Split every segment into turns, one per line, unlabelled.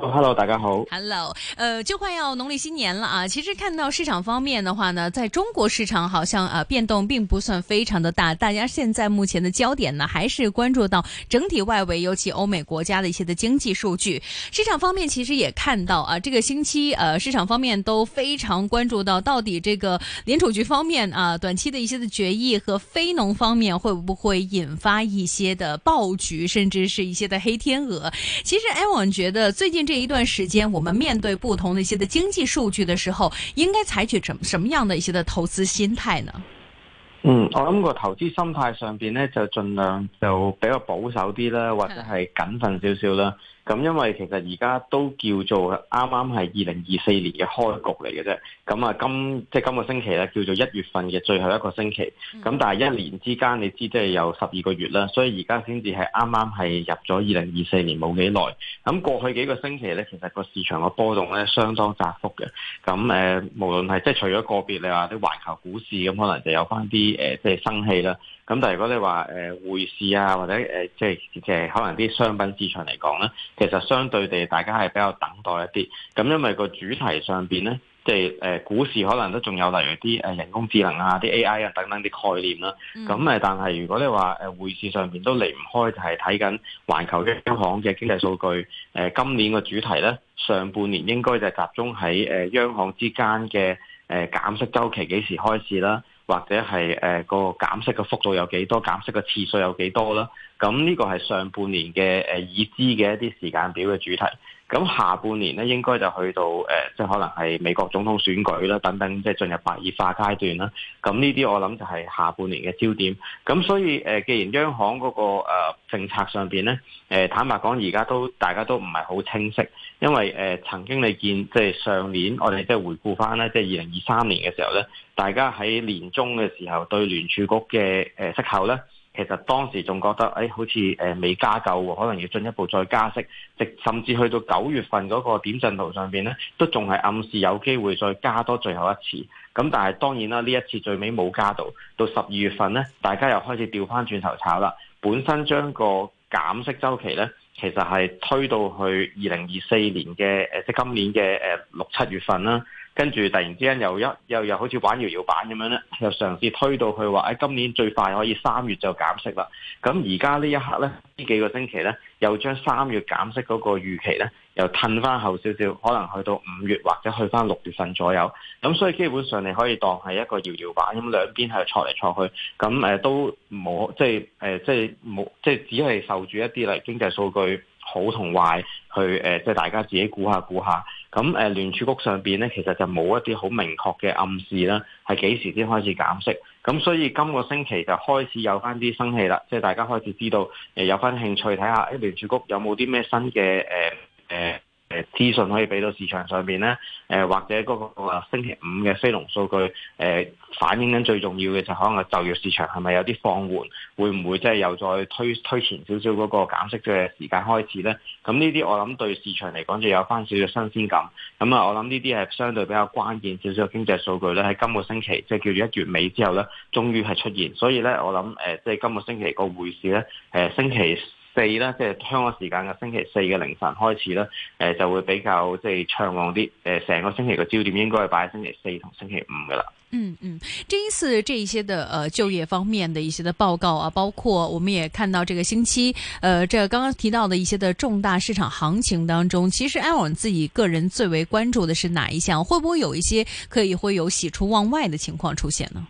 Hello,
hello 大家好，hello，呃，就快要農曆新年了啊，其實看到市場方面的話呢，在中國市場好像啊變動並不算非常的大，大家現在目前的焦點呢，還是關注到整體外圍，尤其歐美國家的一些的經濟數據。市場方面其實也看到啊，這個星期，啊，呃，市場方面都非常關注到到底這個聯儲局方面啊，短期的一些的決議和非農方面會不會引發一些的暴局，甚至是一些的黑天鵝。其實哎，我們覺得最近。這一段時間，我們面對不同的一些的經濟數據的時候，應該採取什什麼樣的一些的投資心態呢？嗯，
我諗個投資心態上邊呢，就盡量就比較保守啲啦，或者係謹慎少少啦。咁因為其實而家都叫做啱啱係二零二四年嘅開局嚟嘅啫，咁啊今即係今個星期咧叫做一月份嘅最後一個星期，咁但係一年之間你知即係有十二個月啦，所以而家先至係啱啱係入咗二零二四年冇幾耐，咁過去幾個星期咧，其實個市場個波動咧相當窄幅嘅，咁誒、呃、無論係即係除咗個別你話啲環球股市咁，可能就有翻啲誒即係生氣啦。咁但係如果你話誒匯市啊，或者誒、呃、即係誒可能啲商品市場嚟講咧，其實相對地大家係比較等待一啲。咁因為個主題上邊咧，即係誒、呃、股市可能都仲有例如啲誒人工智能啊、啲 AI 啊等等啲概念啦、啊。咁誒、嗯，但係如果你話誒匯市上邊都離唔開，就係睇緊環球央行嘅經濟數據。誒、呃、今年個主題咧，上半年應該就係集中喺誒、呃、央行之間嘅誒、呃、減息週期幾時開始啦。或者係誒、呃、個減息嘅幅度有幾多，減息嘅次數有幾多啦？咁呢個係上半年嘅誒已知嘅一啲時間表嘅主題。咁下半年咧，應該就去到誒、呃，即係可能係美國總統選舉啦，等等，即係進入白熱化階段啦。咁呢啲我諗就係下半年嘅焦點。咁所以誒、呃，既然央行嗰、那個、呃、政策上面咧，誒、呃、坦白講，而家都大家都唔係好清晰。因為誒、呃、曾經你見即係上年，我哋即係回顧翻咧，即係二零二三年嘅時候咧，大家喺年中嘅時候對聯儲局嘅誒息口咧，其實當時仲覺得誒、哎、好似誒未加夠喎，可能要進一步再加息，直甚至去到九月份嗰個點陣圖上邊咧，都仲係暗示有機會再加多最後一次。咁但係當然啦，呢一次最尾冇加到，到十二月份咧，大家又開始調翻轉頭炒啦。本身將個減息周期咧。其實係推到去二零二四年嘅誒，即係今年嘅誒六七月份啦。跟住突然之間又一又又,又,又好似玩搖搖板咁樣咧，又嘗試推到佢話誒今年最快可以三月就減息啦。咁而家呢一刻咧，呢幾個星期咧，又將三月減息嗰個預期咧，又褪翻後少少，可能去到五月或者去翻六月份左右。咁所以基本上你可以當係一個搖搖板咁，兩邊係錯嚟錯去。咁誒都冇即係誒、呃、即係冇即係只係受住一啲例如經濟數據好同壞去誒、呃，即係大家自己估下估下。咁誒、呃、聯儲局上邊咧，其實就冇一啲好明確嘅暗示啦，係幾時先開始減息？咁所以今個星期就開始有翻啲生氣啦，即係大家開始知道誒有翻興趣睇下誒聯儲局有冇啲咩新嘅誒誒。呃呃誒、呃、資訊可以俾到市場上邊咧？誒、呃、或者嗰個星期五嘅非農數據誒、呃、反映緊最重要嘅就可能係就業市場係咪有啲放緩？會唔會即係又再推推前少少嗰個減息嘅時間開始咧？咁呢啲我諗對市場嚟講就有翻少少新鮮感。咁、嗯、啊，我諗呢啲係相對比較關鍵少少經濟數據咧，喺今個星期即係、就是、叫做一月尾之後咧，終於係出現。所以咧，我諗誒，即、呃、係、就是、今個星期個匯市咧，誒、呃、星期四咧，即係香港時間嘅星期四嘅凌晨開始呢，誒就會比較即係暢旺啲。誒，成個星期嘅焦點應該係擺喺星期四同星期五噶啦。嗯
嗯，這一次這一些的誒就業方面的一些的報告啊，包括我們也看到這個星期，誒、呃，這剛剛提到的一些的重大市場行情當中，其實阿王自己個人最為關注的是哪一項？會不會有一些可以會有喜出望外的情況出現呢？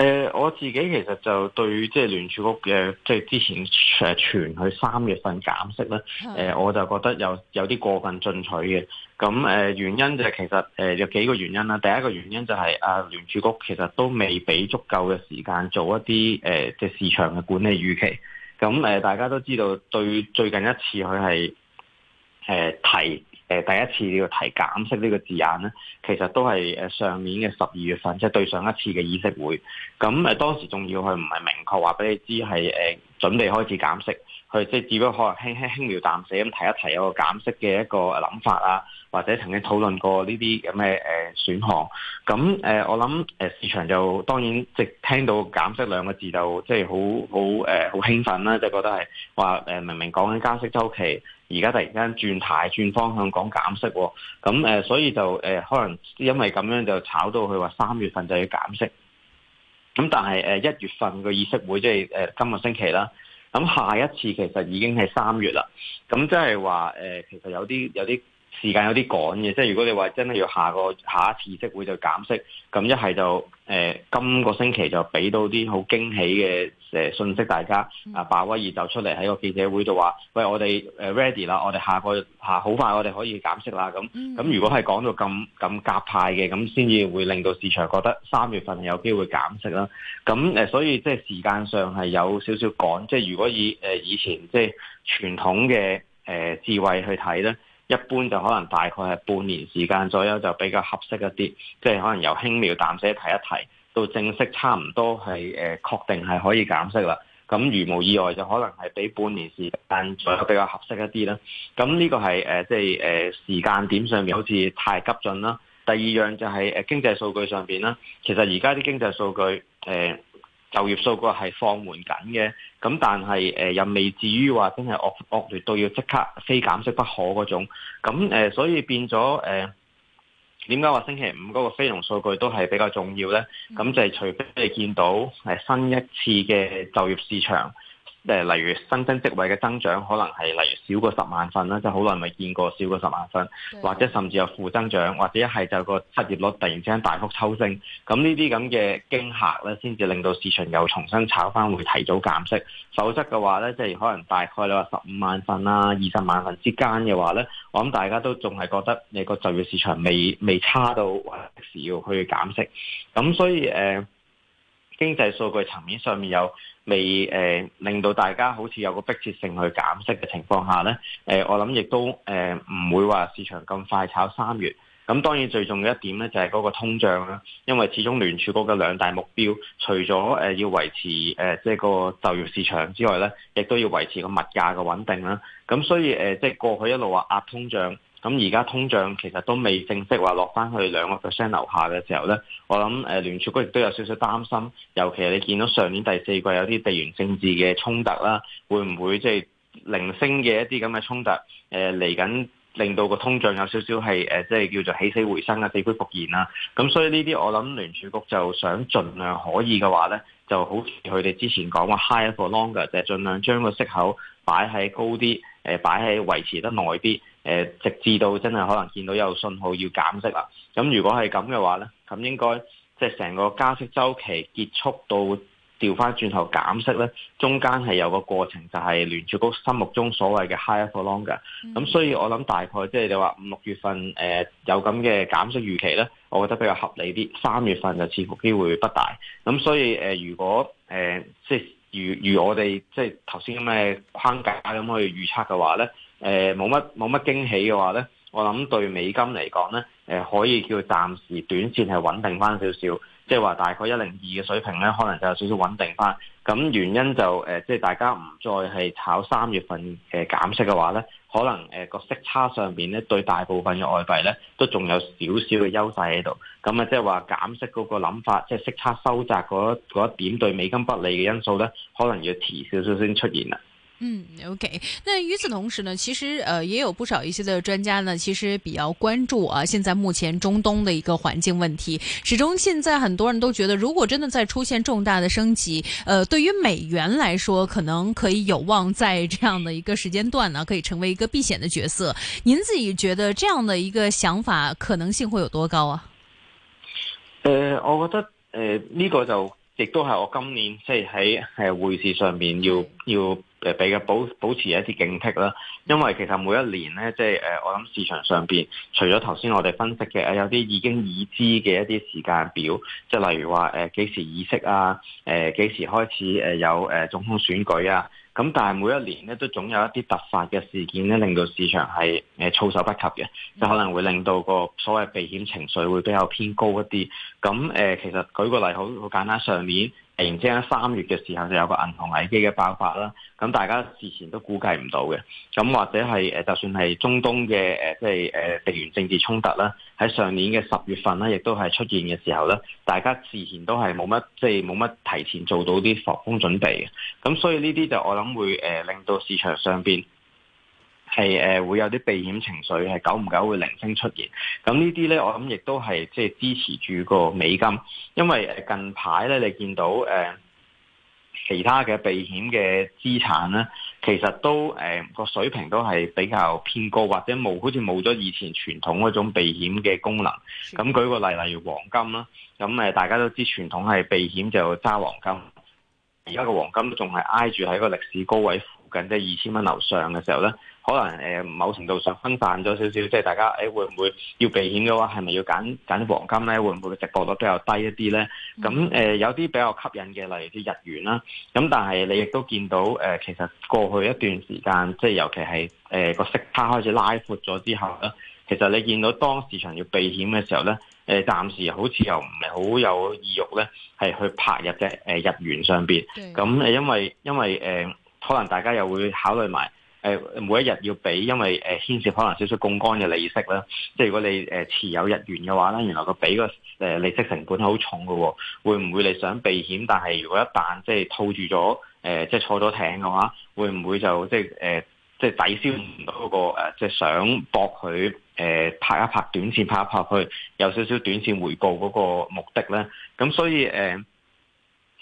誒、呃、我自己其實就對就聯，即係聯儲局嘅即係之前誒傳佢三月份減息咧，誒、呃、我就覺得有有啲過分進取嘅。咁、嗯、誒、呃、原因就係其實誒、呃、有幾個原因啦。第一個原因就係阿聯儲局其實都未俾足夠嘅時間做一啲誒即係市場嘅管理預期。咁、嗯、誒、呃、大家都知道對最近一次佢係誒提。誒、呃、第一次呢個提減息呢個字眼咧，其實都係誒、呃、上年嘅十二月份，即係對上一次嘅議息會。咁、嗯、誒、呃、當時仲要佢唔係明確話俾你知係誒準備開始減息，佢即係只不過可能輕輕輕描淡寫咁提一提有個減息嘅一個諗法啊，或者曾經討論過呢啲咁嘅誒選項。咁、嗯、誒、呃、我諗誒、呃、市場就當然即係聽到減息兩個字就即係好好誒好興奮啦，即係、呃、覺得係話誒明明講緊加息周期。而家突然間轉態轉方向講減息，咁誒所以就誒可能因為咁樣就炒到佢話三月份就要減息，咁但係誒一月份個議息會即係誒今個星期啦，咁下一次其實已經係三月啦，咁即係話誒其實有啲有啲。時間有啲趕嘅，即係如果你話真係要下個下一次積會就減息，咁一係就誒、呃、今個星期就俾到啲好驚喜嘅誒、呃、信息大家。啊，鮑威爾就出嚟喺個記者會度話：喂，我哋誒 ready 啦，我哋下個下好快我哋可以減息啦。咁咁、嗯、如果係講到咁咁鴿派嘅，咁先至會令到市場覺得三月份係有機會減息啦。咁誒、呃，所以即係時間上係有少少趕。即係如果以誒、呃、以前即係傳統嘅誒、呃、智慧去睇咧。一般就可能大概係半年時間左右就比較合適一啲，即係可能由輕描淡寫提一提到正式差唔多係誒、呃、確定係可以減息啦。咁如無意外就可能係俾半年時間左右比較合適一啲啦。咁呢個係誒即係誒時間點上面好似太急進啦。第二樣就係誒經濟數據上邊啦，其實而家啲經濟數據誒。呃就業數據係放緩緊嘅，咁但係誒又未至於話真係惡惡劣到要即刻非減息不可嗰種，咁誒、呃、所以變咗誒點解話星期五嗰個非農數據都係比較重要咧？咁就係除非你見到係、呃、新一次嘅就業市場。誒，例如新增職位嘅增長可能係，例如少過十萬份啦，即係好耐未見過少過十萬份，或者甚至有負增長，或者一係就個失業率突然之間大幅抽升，咁呢啲咁嘅驚嚇咧，先至令到市場又重新炒翻回會提早減息。否則嘅話咧，即係可能大概你話十五萬份啦、二十萬份之間嘅話咧，我諗大家都仲係覺得你個就業市場未未差到話要去減息。咁所以誒。呃經濟數據層面上面又未誒、呃、令到大家好似有個迫切性去減息嘅情況下呢誒、呃、我諗亦都誒唔、呃、會話市場咁快炒三月。咁當然最重要一點咧，就係嗰個通脹啦，因為始終聯儲局嘅兩大目標，除咗誒要維持誒即係個就業市場之外咧，亦都要維持個物價嘅穩定啦。咁所以誒，即係過去一路話壓通脹，咁而家通脹其實都未正式話落翻去兩個 percent 樓下嘅時候咧，我諗誒聯儲局亦都有少少擔心，尤其係你見到上年第四季有啲地緣政治嘅衝突啦，會唔會即係零星嘅一啲咁嘅衝突誒嚟緊？令到個通脹有少少係誒，即、呃、係叫做起死回生地啊，死灰復燃啦。咁所以呢啲我諗聯儲局就想盡量可以嘅話咧，就好似佢哋之前講話 high for longer，就係、是、盡量將個息口擺喺高啲，誒擺喺維持得耐啲，誒、呃、直至到真係可能見到有信號要減息啦。咁如果係咁嘅話咧，咁應該即係成個加息周期結束到。調翻轉頭減息咧，中間係有個過程，就係、是、聯儲局心目中所謂嘅 higher for longer。咁、嗯、所以我諗大概即係、就是、你話五六月份誒、呃、有咁嘅減息預期咧，我覺得比較合理啲。三月份就似乎機會不大。咁所以誒、呃，如果誒、呃、即係如如我哋即係頭先咁嘅框架咁去預測嘅話咧，誒冇乜冇乜驚喜嘅話咧，我諗對美金嚟講咧，誒、呃、可以叫暫時短線係穩定翻少少。即係話大概一零二嘅水平咧，可能就有少少穩定翻。咁原因就誒，即、呃、係、就是、大家唔再係炒三月份嘅減息嘅話咧，可能誒個、呃、息差上邊咧，對大部分嘅外幣咧，都仲有少少嘅優勢喺度。咁啊，即係話減息嗰個諗法，即、就、係、是、息差收窄嗰一點對美金不利嘅因素咧，可能要遲少少先出現啦。
嗯，OK。那與此同時呢，其實，呃，也有不少一些的專家呢，其實比較關注啊，現在目前中東的一個環境問題。始終現在很多人都覺得，如果真的再出現重大的升級，呃，對於美元來說，可能可以有望在這樣的一個時間段呢，可以成為一個避險的角色。您自己覺得這樣的一個想法可能性會有多高啊？呃，
我覺得呃，呢個就。亦都係我今年即係喺誒匯市上面要要誒比較保保持一啲警惕啦，因為其實每一年咧，即係誒我諗市場上邊，除咗頭先我哋分析嘅有啲已經已知嘅一啲時間表，即係例如話誒幾時議息啊，誒幾時開始誒有誒總統選舉啊。咁但係每一年咧都總有一啲突發嘅事件咧，令到市場係誒、呃、措手不及嘅，就可能會令到個所謂避險情緒會比較偏高一啲。咁誒、呃，其實舉個例好簡單，上年。突然之間，三月嘅時候就有個銀行危機嘅爆發啦。咁大家事前都估計唔到嘅。咁或者係誒，就算係中東嘅誒，即係誒、呃、地緣政治衝突啦。喺上年嘅十月份咧，亦都係出現嘅時候咧，大家事前都係冇乜，即係冇乜提前做到啲防風準備嘅。咁所以呢啲就我諗會誒、呃，令到市場上邊。係誒、呃、會有啲避險情緒，係久唔久會零星出現。咁呢啲咧，我諗亦都係即係支持住個美金，因為近排咧，你見到誒、呃、其他嘅避險嘅資產咧，其實都誒個、呃、水平都係比較偏高，或者冇好似冇咗以前傳統嗰種避險嘅功能。咁舉個例，例如黃金啦，咁誒、呃、大家都知傳統係避險就揸黃金，而家個黃金都仲係挨住喺一個歷史高位。近即係二千蚊樓上嘅時候咧，可能誒、呃、某程度上分散咗少少，即係大家誒、欸、會唔會要避險嘅話，係咪要揀揀啲黃金咧？會唔會嘅值博率比較低一啲咧？咁誒、呃、有啲比較吸引嘅，例如啲日元啦。咁、嗯、但係你亦都見到誒、呃，其實過去一段時間，即係尤其係誒個息差開始拉闊咗之後咧，其實你見到當市場要避險嘅時候咧，誒、呃、暫時好似又唔係好有意欲咧，係去拍入嘅誒日元上邊。咁、嗯、誒、呃，因為因為誒。呃可能大家又會考慮埋誒每一日要俾，因為誒牽、呃、涉可能少少槓桿嘅利息啦。即係如果你誒、呃、持有日元嘅話咧，原來佢俾個誒利息成本好重嘅喎、哦。會唔會你想避險，但係如果一旦即係套住咗誒，即係、呃、坐咗艇嘅話，會唔會就即係誒，即係抵消唔到嗰個、呃、即係想博佢誒拍一拍短線拍一拍去有少少短線回報嗰個目的咧？咁所以誒。呃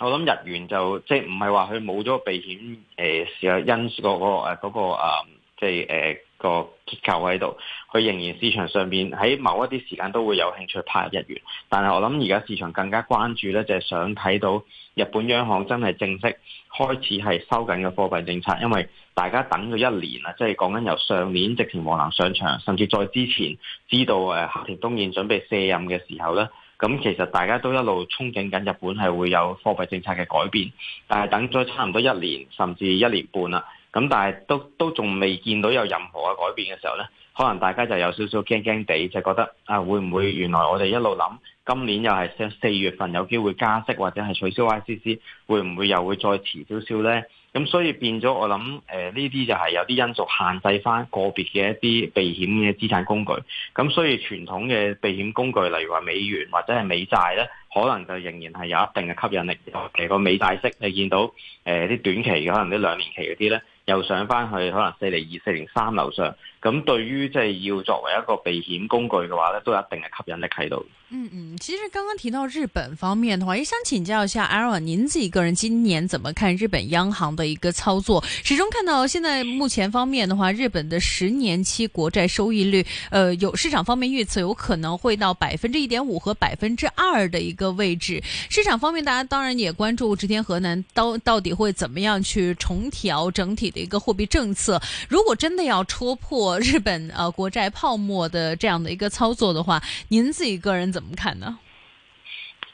我諗日元就即係唔係話佢冇咗避險誒時候因素嗰、那個誒嗰、呃那個、呃、即係誒、呃那個結構喺度，佢仍然市場上邊喺某一啲時間都會有興趣派日元。但係我諗而家市場更加關注咧，就係、是、想睇到日本央行真係正式開始係收緊嘅貨幣政策，因為大家等咗一年啦，即係講緊由上年直情黃藍上場，甚至在之前知道誒黑田東彥準備卸任嘅時候咧。咁其實大家都一路憧憬緊日本係會有貨幣政策嘅改變，但係等咗差唔多一年甚至一年半啦，咁但係都都仲未見到有任何嘅改變嘅時候呢，可能大家就有少少驚驚地，就覺得啊會唔會原來我哋一路諗今年又係四月份有機會加息或者係取消 YCC，會唔會又會再遲少少呢？咁、嗯、所以變咗，我諗誒呢啲就係有啲因素限制翻個別嘅一啲避險嘅資產工具。咁、嗯、所以傳統嘅避險工具，例如話美元或者係美債咧，可能就仍然係有一定嘅吸引力。尤其個美債息，你見到誒啲、呃、短期嘅，可能啲兩年期嗰啲咧，又上翻去可能四厘二、四厘三樓上。咁對於即係要作為一個避險工具嘅話呢都有一定嘅吸引力喺度。嗯嗯，
其實剛剛提到日本方面嘅話，也想請教一下 Aaron 您自己個人今年怎麼看日本央行的一個操作？始終看到現在目前方面嘅話，日本的十年期國債收益率，呃，有市場方面預測有可能會到百分之一點五和百分之二嘅一個位置。市場方面，大家當然也關注植田和男到到底會怎麼樣去重調整體嘅一個貨幣政策。如果真的要戳破。日本啊，國債泡沫的這樣的一個操作的話，您自己個人怎麼看呢？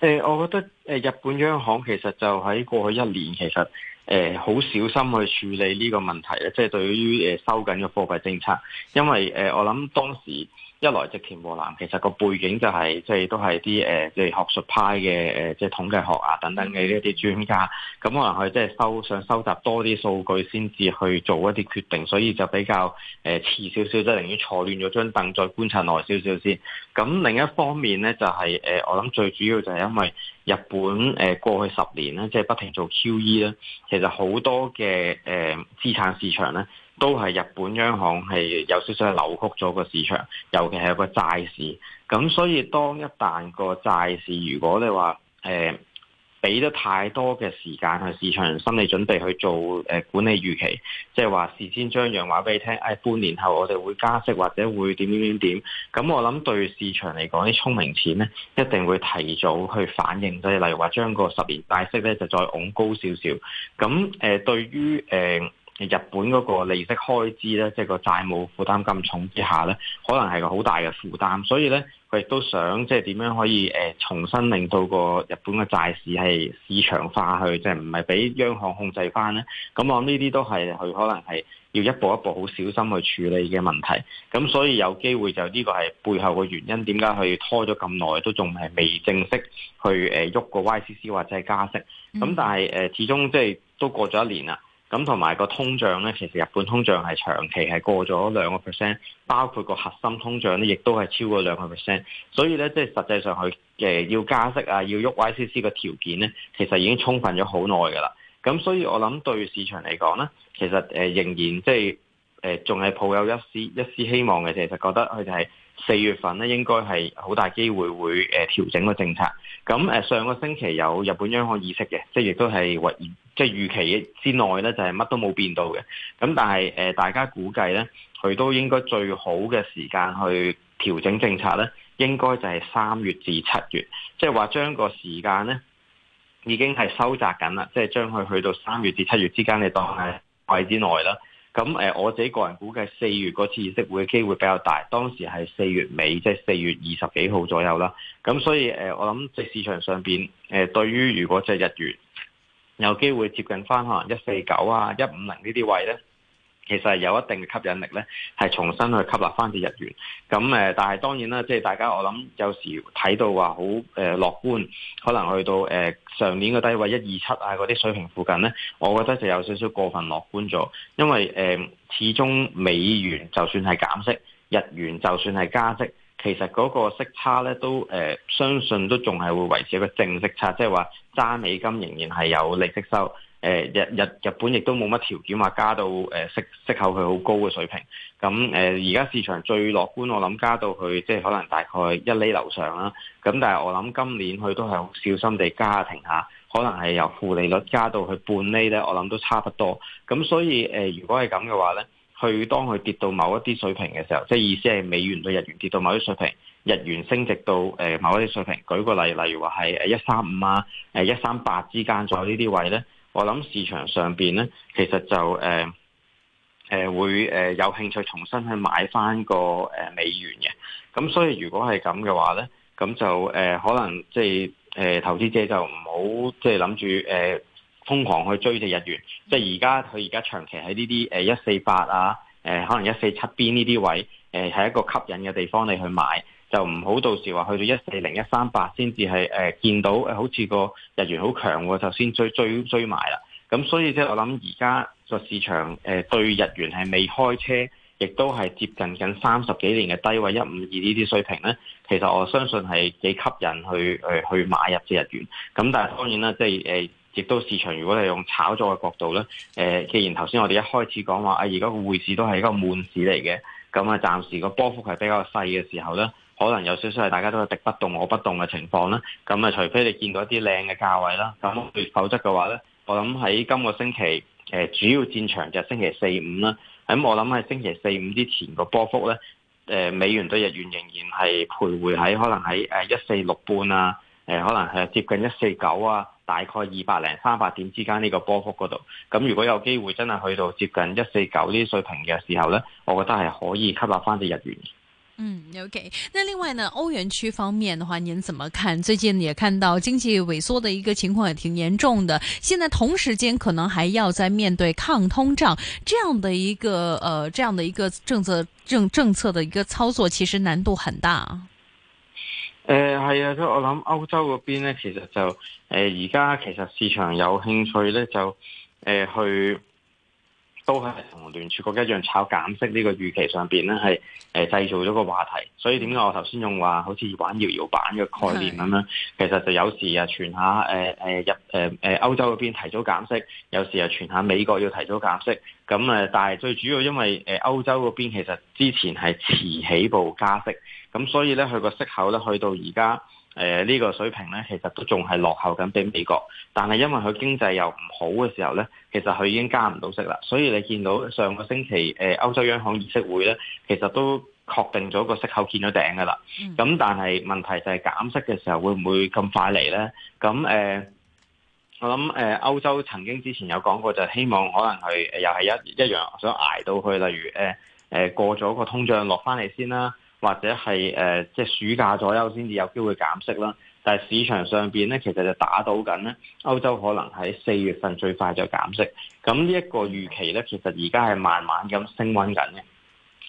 誒，我覺得誒，日本央行其實就喺過去一年其實誒好、呃、小心去處理呢個問題啊，即係對於誒收緊嘅貨幣政策，因為誒、呃、我諗當時。一來植田和男其實個背景就係、是、即係都係啲誒即係學術派嘅誒、呃、即係統計學啊等等嘅一啲專家，咁可能佢即係收想收集多啲數據先至去做一啲決定，所以就比較誒、呃、遲少少，即係寧願坐亂咗張凳再觀察耐少少先。咁另一方面咧，就係、是、誒、呃、我諗最主要就係因為日本誒、呃、過去十年咧，即係不停做 QE 咧，其實好多嘅誒、呃、資產市場咧。都係日本央行係有少少扭曲咗個市場，尤其係個債市。咁所以當一旦個債市如果你話誒俾得太多嘅時間，去市場心理準備去做誒、呃、管理預期，即係話事先張揚話俾你聽，誒、哎、半年後我哋會加息或者會點點點點，咁我諗對市場嚟講，啲聰明錢咧一定會提早去反應，即係例如話將個十年債息咧就再往高少少。咁誒、呃、對於誒、呃日本嗰個利息開支咧，即係個債務負擔咁重之下咧，可能係個好大嘅負擔，所以咧佢亦都想即係點樣可以誒重新令到個日本嘅債市係市場化去，即係唔係俾央行控制翻咧？咁我諗呢啲都係佢可能係要一步一步好小心去處理嘅問題。咁所以有機會就呢個係背後嘅原因，點解佢拖咗咁耐都仲係未正式去誒喐個 YCC 或者係加息？咁但係誒始終即係都過咗一年啦。咁同埋個通脹咧，其實日本通脹係長期係過咗兩個 percent，包括個核心通脹咧，亦都係超過兩個 percent。所以咧，即、就、係、是、實際上佢誒要加息啊，要喐歪 c c 嘅條件咧，其實已經充分咗好耐㗎啦。咁所以我諗對市場嚟講咧，其實誒仍然即係誒仲係抱有一絲一絲希望嘅，其、就、實、是、覺得佢就係、是。四月份咧，應該係好大機會會誒調整個政策。咁誒上個星期有日本央行議息嘅，即係亦都係預即係預期之內咧，就係乜都冇變到嘅。咁但係誒、呃、大家估計咧，佢都應該最好嘅時間去調整政策咧，應該就係三月至七月，即係話將個時間咧已經係收窄緊啦，即係將佢去到三月至七月之間你當係季之內啦。咁誒我自己個人估計四月嗰次息會嘅機會比較大，當時係四月尾，即係四月二十幾號左右啦。咁所以誒，我諗即係市場上邊誒，對於如果即係日元有機會接近返可能一四九啊、一五零呢啲位咧。其實係有一定嘅吸引力咧，係重新去吸納翻啲日元。咁誒，但係當然啦，即係大家我諗有時睇到話好誒樂觀，可能去到誒、呃、上年嘅低位一二七啊嗰啲水平附近咧，我覺得就有少少過分樂觀咗。因為誒、呃，始終美元就算係減息，日元就算係加息，其實嗰個息差咧都誒、呃，相信都仲係會維持一個正息差，即係話揸美金仍然係有利息收。誒日日日本亦都冇乜條件話加到誒息息口去好高嘅水平，咁誒而家市場最樂觀，我諗加到去即係可能大概一厘樓上啦。咁但係我諗今年佢都係好小心地加停下，可能係由負利率加到去半厘咧，我諗都差不多。咁所以誒、呃，如果係咁嘅話咧，佢當佢跌到某一啲水平嘅時候，即係意思係美元對日元跌到某啲水平，日元升值到誒某啲水平，舉個例，例如話係誒一三五啊，誒一三八之間左右呢啲位咧。我諗市場上邊咧，其實就誒誒、呃呃、會誒、呃、有興趣重新去買翻個誒美元嘅。咁所以如果係咁嘅話咧，咁就誒、呃、可能即係誒投資者就唔好即係諗住誒瘋狂去追隻日元。即係而家佢而家長期喺呢啲誒一四八啊，誒、呃、可能一四七邊呢啲位誒係、呃、一個吸引嘅地方，你去買。就唔好到時話去到一四零一三八先至係誒見到誒，好似個日元好強喎，就先追追追買啦。咁所以即係我諗，而家個市場誒、呃、對日元係未開車，亦都係接近緊三十幾年嘅低位一五二呢啲水平咧。其實我相信係幾吸引去誒、呃、去買入隻日元。咁但係當然啦，即係誒，亦、呃、都市場如果係用炒作嘅角度咧，誒、呃，既然頭先我哋一開始講話啊，而家個匯市都係一個悶市嚟嘅，咁啊，暫時個波幅係比較細嘅時候咧。可能有少少係大家都係敵不動我不動嘅情況啦，咁啊除非你見到一啲靚嘅價位啦，咁否則嘅話呢，我諗喺今個星期誒、呃、主要戰場就係星期四五啦，咁、呃、我諗喺星期四五之前個波幅呢，誒、呃、美元對日元仍然係徘徊喺可能喺誒一四六半啊，誒、呃、可能係接近一四九啊，大概二百零三百點之間呢個波幅嗰度，咁如果有機會真係去到接近一四九呢啲水平嘅時候呢，我覺得係可以吸納翻啲日元。
嗯，OK。那另外呢，歐元區方面的話，您怎麼看？最近也看到經濟萎縮的一個情況也挺嚴重的，現在同時間可能還要再面對抗通脹這樣的一個，呃，這樣的一個政策政政策的一個操作，其實難度很大。
誒、呃，係啊，所以我諗歐洲嗰邊呢，其實就誒而家其實市場有興趣咧，就誒、呃、去。都係同聯儲局一樣炒減息呢個預期上邊咧，係誒製造咗個話題。所以點解我頭先用話好似玩搖搖板嘅概念咁咧？其實就有時啊傳下誒誒入誒誒歐洲嗰邊提早減息，有時又傳下美國要提早減息。咁誒，但係最主要因為誒歐洲嗰邊其實之前係遲起步加息，咁所以呢，佢個息口呢去到而家。誒呢個水平咧，其實都仲係落後緊畀美國，但係因為佢經濟又唔好嘅時候咧，其實佢已經加唔到息啦。所以你見到上個星期誒、呃、歐洲央行議息會咧，其實都確定咗個息口見咗頂㗎啦。咁、嗯嗯、但係問題就係減息嘅時候會唔會咁快嚟咧？咁誒、呃，我諗誒、呃、歐洲曾經之前有講過，就希望可能係又係一一樣想捱到去，例如誒誒、呃呃、過咗個通脹落翻嚟先啦。或者係誒，即、呃、係、就是、暑假左右先至有機會減息啦。但係市場上邊咧，其實就打到緊咧，歐洲可能喺四月份最快就減息。咁呢一個預期咧，其實而家係慢慢咁升溫緊嘅。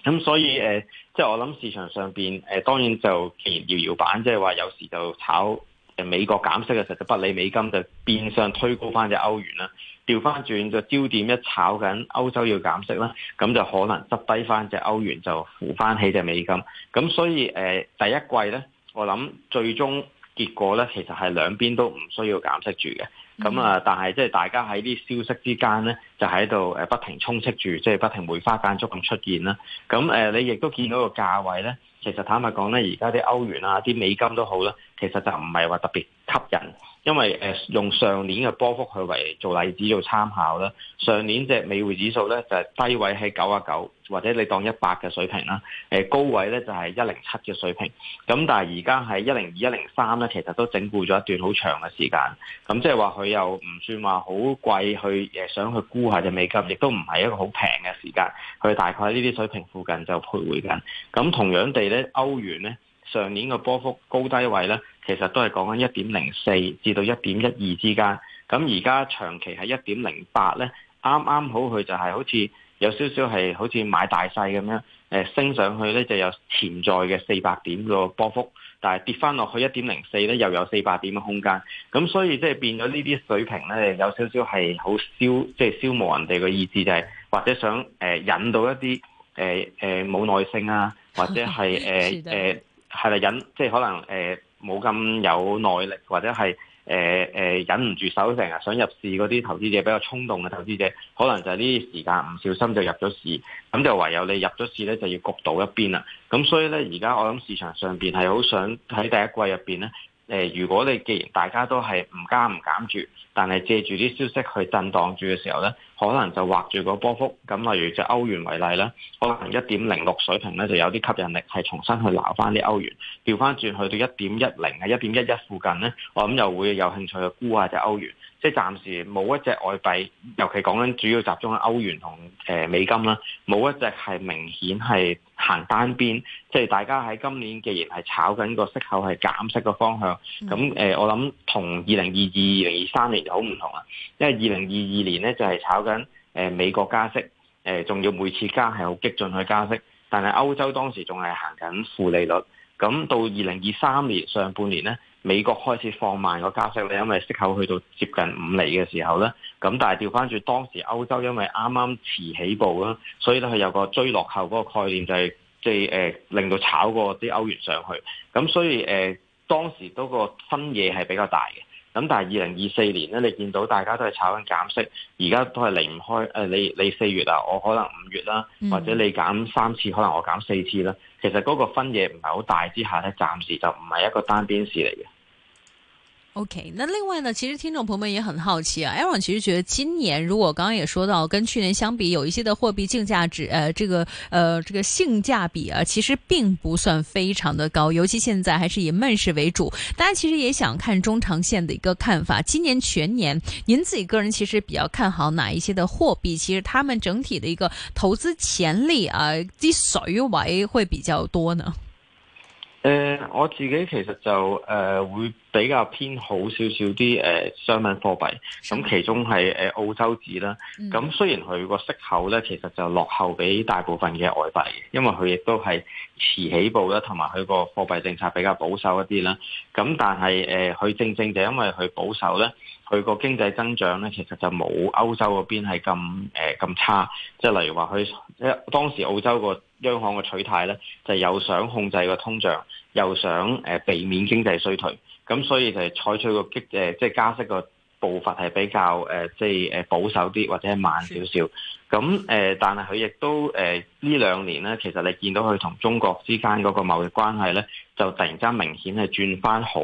咁所以誒，即、呃、係、就是、我諗市場上邊誒、呃，當然就仍然搖搖板，即係話有時就炒美國減息嘅時候，就不理美金就變相推高返隻歐元啦。調翻轉就焦點一炒緊，歐洲要減息啦，咁就可能執低翻隻歐元就扶翻起隻美金，咁所以誒第一季咧，我諗最終結果咧，其實係兩邊都唔需要減息住嘅，咁啊，但係即係大家喺啲消息之間咧，就喺度誒不停充斥住，即係不停梅花間竹咁出現啦，咁誒你亦都見到個價位咧，其實坦白講咧，而家啲歐元啊、啲美金都好啦，其實就唔係話特別吸引。因為誒、呃、用上年嘅波幅去為做例子做參考啦，上年隻美匯指數咧就係、是、低位喺九啊九，或者你當一百嘅水平啦。誒高位咧就係一零七嘅水平。咁、呃就是、但係而家係一零二、一零三咧，其實都整固咗一段好長嘅時間。咁即係話佢又唔算話好貴，去誒想去沽下隻美金，亦都唔係一個好平嘅時間。佢大概喺呢啲水平附近就徘徊緊。咁同樣地咧，歐元咧。上年嘅波幅高低位咧，其實都係講緊一點零四至到一點一二之間。咁而家長期係一點零八咧，啱啱好佢就係好似有少少係好似買大細咁樣，誒、呃、升上去咧就有潛在嘅四百點個波幅，但係跌翻落去一點零四咧又有四百點嘅空間。咁所以即係變咗呢啲水平咧，有少少係好消，即、就、係、是、消磨人哋嘅意志、就是，就係或者想誒、呃、引到一啲誒誒冇耐性啊，或者係誒誒。呃 係啦，忍，即係可能誒冇咁有耐力，或者係誒誒忍唔住手成日想入市嗰啲投資者，比較衝動嘅投資者，可能就係呢啲時間唔小心就入咗市，咁就唯有你入咗市咧就要焗到一邊啦。咁所以咧，而家我諗市場上邊係好想喺第一季入邊咧，誒、呃，如果你既然大家都係唔加唔減住。但係借住啲消息去震盪住嘅時候呢，可能就畫住個波幅。咁例如隻歐元為例啦，可能一點零六水平呢就有啲吸引力，係重新去撈返啲歐元，調翻轉去到一點一零啊、一點一一附近呢。我諗又會有興趣去估下隻歐元。即係暫時冇一隻外幣，尤其講緊主要集中喺歐元同誒美金啦，冇一隻係明顯係行單邊。即係大家喺今年既然係炒緊個息口係減息個方向，咁誒、呃、我諗同二零二二、二零二三年。有唔同啊！因為二零二二年咧就係炒緊誒美國加息，誒仲要每次加係好激進去加息。但係歐洲當時仲係行緊負利率，咁到二零二三年上半年咧，美國開始放慢個加息咧，因為息口去到接近五厘嘅時候咧，咁但係調翻轉當時歐洲因為啱啱遲起步啦，所以咧佢有個追落後嗰個概念，就係即係誒令到炒過啲歐元上去，咁所以誒、呃、當時個分野係比較大嘅。咁但係二零二四年咧，你見到大家都係炒緊減息，而家都係離唔開誒，你你四月啊，我可能五月啦，或者你減三次，可能我減四次啦。其實嗰個分野唔係好大之下咧，暫時就唔係一個單邊市嚟嘅。
OK，那另外呢，其實聽眾朋友們也很好奇啊。Aaron 其實覺得今年如果剛剛也說到，跟去年相比，有一些的貨幣競價值，呃，這個，呃，這個性價比啊，其實並不算非常的高，尤其現在還是以悶市為主。大家其實也想看中長線的一個看法。今年全年，您自己個人其實比較看好哪一些的貨幣？其實他們整體的一個投資潛力啊，至少於我而言會比較多呢。呃，
我自己其實就呃會。比較偏好少少啲誒商品貨幣，咁其中係誒澳洲紙啦。咁雖然佢個息口咧，其實就落後畀大部分嘅外幣，因為佢亦都係遲起步啦，同埋佢個貨幣政策比較保守一啲啦。咁但係誒，佢、呃、正正就因為佢保守咧，佢個經濟增長咧，其實就冇歐洲嗰邊係咁誒咁差。即、就、係、係、例如話佢當時澳洲個央行嘅取態咧，就又想控制個通脹，又想誒避免經濟衰退。咁所以就係採取個激誒，即係加息個步伐係比較誒，即係誒保守啲或者慢少少。咁誒、呃，但係佢亦都誒、呃、呢兩年咧，其實你見到佢同中國之間嗰個貿易關係咧，就突然間明顯係轉翻好。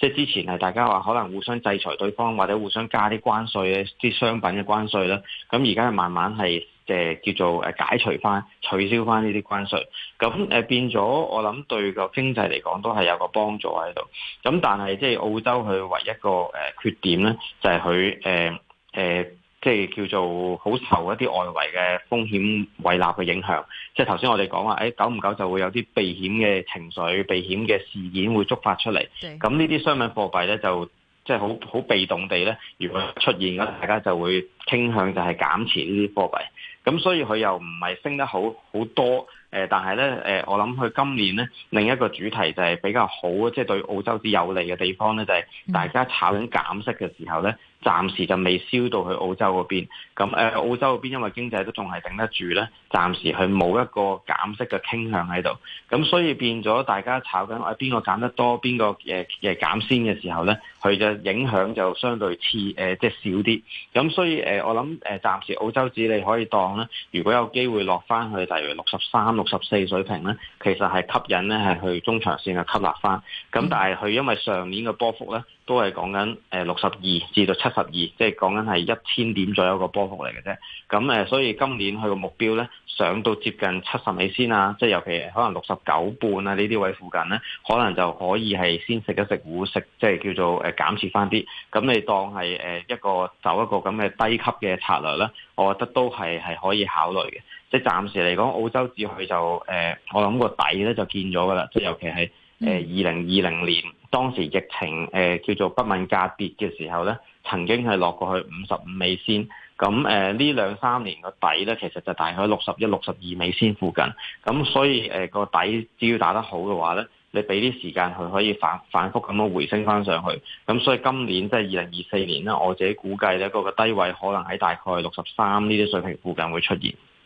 即係之前係大家話可能互相制裁對方，或者互相加啲關稅啦，啲商品嘅關稅啦。咁而家係慢慢係。誒叫做誒解除翻、取消翻呢啲關稅，咁誒、呃、變咗，我諗對個經濟嚟講都係有個幫助喺度。咁但係即係澳洲佢唯一,一個誒、呃、缺點咧，就係佢誒誒即係叫做好受一啲外圍嘅風險威脅嘅影響。即係頭先我哋講話，誒、欸、久唔久就會有啲避險嘅情緒，避險嘅事件會觸發出嚟。咁呢啲商品貨幣咧就即係好好被動地咧，如果出現咗，大家就會傾向就係減持呢啲貨幣。咁所以佢又唔係升得好好多，誒，但係咧，誒，我諗佢今年咧另一個主題就係比較好，即係對澳洲之有利嘅地方咧，就係大家炒緊減息嘅時候咧。暫時就未燒到去澳洲嗰邊，咁誒、呃、澳洲嗰邊因為經濟都仲係頂得住咧，暫時佢冇一個減息嘅傾向喺度，咁所以變咗大家炒緊誒邊、呃、個減得多，邊個誒誒、呃呃、減先嘅時候咧，佢嘅影響就相對次誒、呃、即係少啲，咁所以誒、呃、我諗誒、呃、暫時澳洲指你可以當咧，如果有機會落翻去例如六十三、六十四水平咧，其實係吸引咧係去中長線嘅吸納翻，咁但係佢因為上年嘅波幅咧。都係講緊誒六十二至到七十二，即係講緊係一千點左右個波幅嚟嘅啫。咁誒，所以今年佢個目標咧，上到接近七十美仙啊，即係尤其可能六十九半啊呢啲位附近咧，可能就可以係先食一食糊，食即係叫做誒減少翻啲。咁你當係誒一個走一個咁嘅低級嘅策略啦。我覺得都係係可以考慮嘅。即係暫時嚟講，澳洲指去就誒、呃，我諗個底咧就見咗噶啦。即係尤其係。誒二零二零年當時疫情誒、呃、叫做不問價跌嘅時候咧，曾經係落過去五十五美仙。咁誒呢兩三年個底咧，其實就大概六十一、六十二美仙附近。咁所以誒個、呃、底只要打得好嘅話咧，你俾啲時間佢可以反反覆咁樣回升返上去。咁所以今年即係二零二四年咧，我自己估計咧個個低位可能喺大概六十三呢啲水平附近會出現。